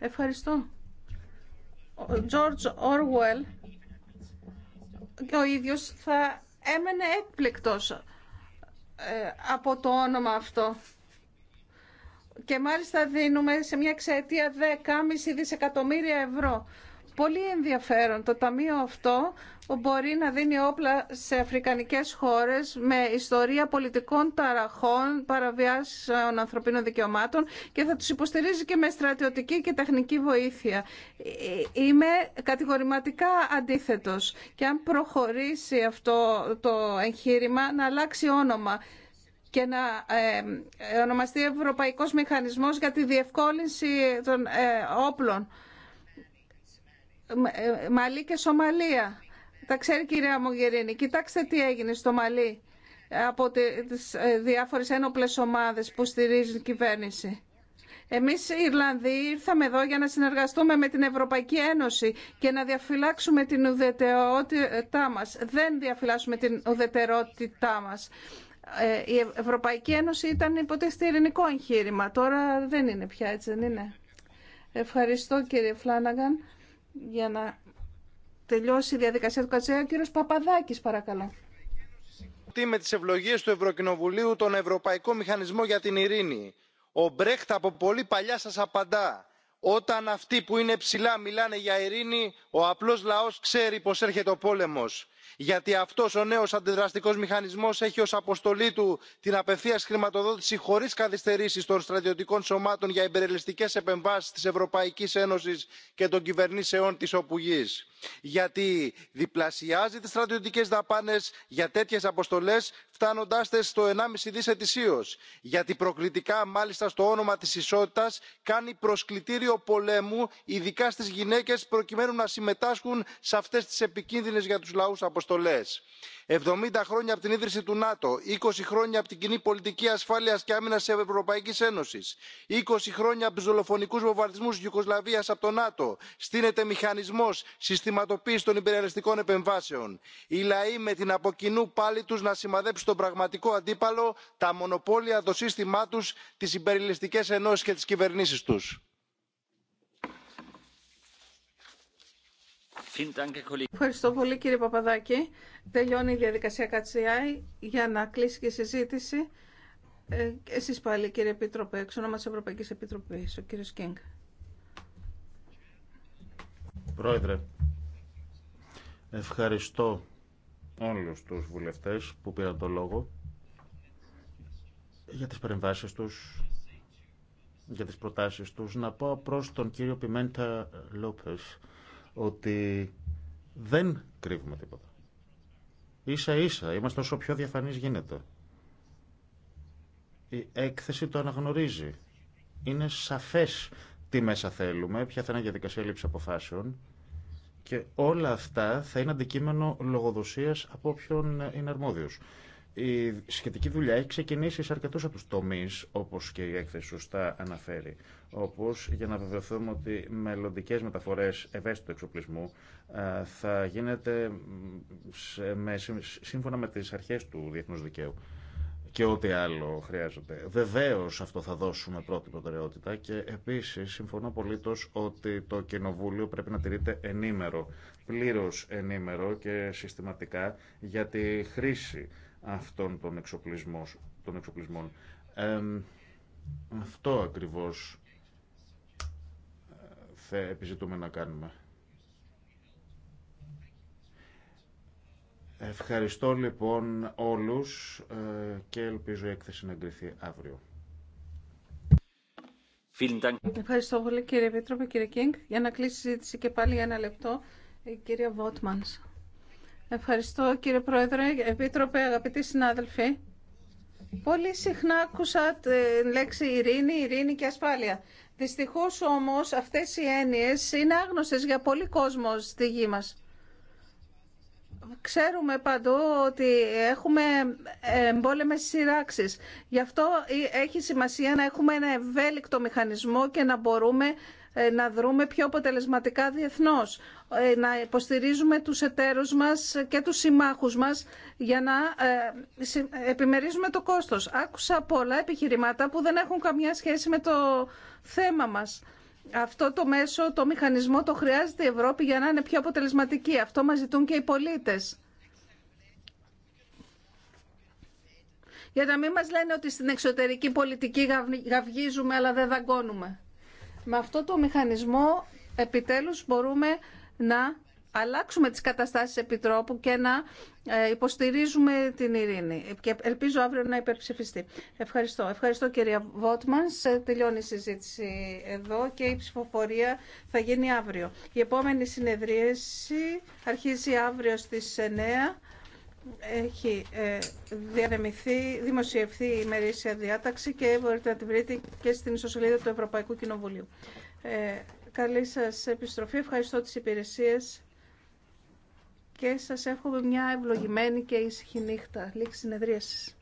Ευχαριστώ. Ο George Orwell και ο ίδιος θα έμενε έκπληκτος ε, από το όνομα αυτό. Και μάλιστα δίνουμε σε μια εξαιτία 10,5 δισεκατομμύρια ευρώ Πολύ ενδιαφέρον. Το ταμείο αυτό που μπορεί να δίνει όπλα σε αφρικανικές χώρες με ιστορία πολιτικών ταραχών, παραβιάσεων ανθρωπίνων δικαιωμάτων και θα τους υποστηρίζει και με στρατιωτική και τεχνική βοήθεια. Είμαι κατηγορηματικά αντίθετος και αν προχωρήσει αυτό το εγχείρημα να αλλάξει όνομα και να ε, ονομαστεί Ευρωπαϊκός Μηχανισμός για τη Διευκόλυνση των ε, Όπλων ε, Μαλή και Σομαλία. Τα ξέρει κυρία Μογγερίνη. Κοιτάξτε τι έγινε στο Μαλή από τις ε, διάφορες ένοπλες ομάδες που στηρίζουν κυβέρνηση. Εμείς οι Ιρλανδοί ήρθαμε εδώ για να συνεργαστούμε με την Ευρωπαϊκή Ένωση και να διαφυλάξουμε την ουδετερότητά μας. Δεν διαφυλάσσουμε την ουδετερότητά μας. Ε, η Ευρωπαϊκή Ένωση ήταν υποτίθεται ειρηνικό εγχείρημα. Τώρα δεν είναι πια έτσι, δεν είναι. Ευχαριστώ κύριε Φλάναγκαν για να τελειώσει η διαδικασία του Κατσέα. Ο κύριος Παπαδάκης, παρακαλώ. Με τις ευλογίες του Ευρωκοινοβουλίου τον Ευρωπαϊκό Μηχανισμό για την Ειρήνη. Ο Μπρέχτ από πολύ παλιά σας απαντά όταν αυτοί που είναι ψηλά μιλάνε για ειρήνη ο απλός λαός ξέρει πως έρχεται ο πόλεμος γιατί αυτός ο νέος αντιδραστικός μηχανισμός έχει ως αποστολή του την απευθείας χρηματοδότηση χωρίς καθυστερήσεις των στρατιωτικών σωμάτων για υπερελιστικές επεμβάσεις της ευρωπαϊκής ένωσης και των κυβερνήσεών της όπου γιατί διπλασιάζει τις στρατιωτικές δαπάνες για τέτοιες αποστολές φτάνοντάς τες στο ένα πέντε δις ετησίως γιατί προκλητικά μάλιστα στο όνομα της ισότητας κάνει προσκλητήριο πολέμου ειδικά στις γυναίκες προκειμένου να συμμετάσχουν σε αυτές τις επικίνδυνες για τους λαούς αποστολές. 70 χρόνια από την ίδρυση του νατο 20 χρόνια από την κοινή πολιτική ασφάλειας και άμυνας της ευρωπαϊκής ένωσης 20 χρόνια από τους δολοφονικούς βομβαρδισμούς γιουγκοσλαβίας από το νατο στείνεται μηχανισμός συστηματοποίησης των υπεριαλιστικών επεμβάσεων. οι λαοί με την από κοινού πάλη τους να σημαδέψουν τον πραγματικό αντίπαλο τα μονοπόλια το σύστημά τους τι υπερελιστικές ενώσεις και τις κυβερνήσεις τους. Ευχαριστώ πολύ κύριε Παπαδάκη. Τελειώνει η διαδικασία Κατσιάη για να κλείσει και η συζήτηση. Ε, εσείς πάλι κύριε Επίτροπε, εξ ονόμα της Ευρωπαϊκής Επιτροπής, ο κύριος Κίνγκ. Πρόεδρε, ευχαριστώ όλους τους βουλευτές που πήραν το λόγο για τις παρεμβάσεις τους, για τις προτάσεις τους. Να πω προς τον κύριο Πιμέντα Λόπες ότι δεν κρύβουμε τίποτα. Ίσα ίσα, είμαστε όσο πιο διαφανείς γίνεται. Η έκθεση το αναγνωρίζει. Είναι σαφές τι μέσα θέλουμε, ποια θα είναι η διαδικασία λήψη αποφάσεων και όλα αυτά θα είναι αντικείμενο λογοδοσίας από όποιον είναι αρμόδιος. Η σχετική δουλειά έχει ξεκινήσει σε αρκετούς από τους τομείς, όπως και η έκθεση σωστά αναφέρει. Όπως για να βεβαιωθούμε ότι μελλοντικέ μεταφορές ευαίσθητου εξοπλισμού θα γίνεται με, σύμφωνα με τις αρχές του διεθνούς δικαίου και ό,τι άλλο χρειάζεται. Βεβαίω αυτό θα δώσουμε πρώτη προτεραιότητα και επίση συμφωνώ απολύτω ότι το Κοινοβούλιο πρέπει να τηρείται ενήμερο, πλήρω ενήμερο και συστηματικά για τη χρήση αυτών των, εξοπλισμών. αυτό ακριβώς ε, θα επιζητούμε να κάνουμε. Ευχαριστώ λοιπόν όλους ε, και ελπίζω η έκθεση να εγκριθεί αύριο. Ευχαριστώ πολύ κύριε Επίτροπε, κύριε Κίνγκ. Για να κλείσει η συζήτηση και πάλι για ένα λεπτό, η κυρία Βότμανς. Ευχαριστώ κύριε Πρόεδρε, Επίτροπε, αγαπητοί συνάδελφοι. Πολύ συχνά άκουσα τη λέξη ειρήνη, ειρήνη και ασφάλεια. Δυστυχώς όμως αυτές οι έννοιες είναι άγνωστες για πολλοί κόσμο στη γη μας. Ξέρουμε παντού ότι έχουμε εμπόλεμες σειράξεις. Γι' αυτό ε, έχει σημασία να έχουμε ένα ευέλικτο μηχανισμό και να μπορούμε ε, να δρούμε πιο αποτελεσματικά διεθνώς, ε, να υποστηρίζουμε τους εταίρους μας και τους συμμάχους μας για να επιμερίζουμε το κόστος. Άκουσα πολλά επιχειρημάτα που δεν έχουν καμιά σχέση με το θέμα μας αυτό το μέσο, το μηχανισμό το χρειάζεται η Ευρώπη για να είναι πιο αποτελεσματική. Αυτό μας ζητούν και οι πολίτες. Για να μην μας λένε ότι στην εξωτερική πολιτική γαυγίζουμε αλλά δεν δαγκώνουμε. Με αυτό το μηχανισμό επιτέλους μπορούμε να αλλάξουμε τις καταστάσεις επιτρόπου και να ε, υποστηρίζουμε την ειρήνη. Και ελπίζω αύριο να υπερψηφιστεί. Ευχαριστώ. Ευχαριστώ κυρία Βότμαν. Τελειώνει η συζήτηση εδώ και η ψηφοφορία θα γίνει αύριο. Η επόμενη συνεδρίαση αρχίζει αύριο στις 9 έχει ε, διανεμηθεί, δημοσιευθεί η ημερήσια διάταξη και μπορείτε να τη βρείτε και στην ισοσελίδα του Ευρωπαϊκού Κοινοβουλίου. Ε, καλή σας επιστροφή. Ευχαριστώ τις υπηρεσίες και σας εύχομαι μια ευλογημένη και ήσυχη νύχτα. Λήξη συνεδρίασης.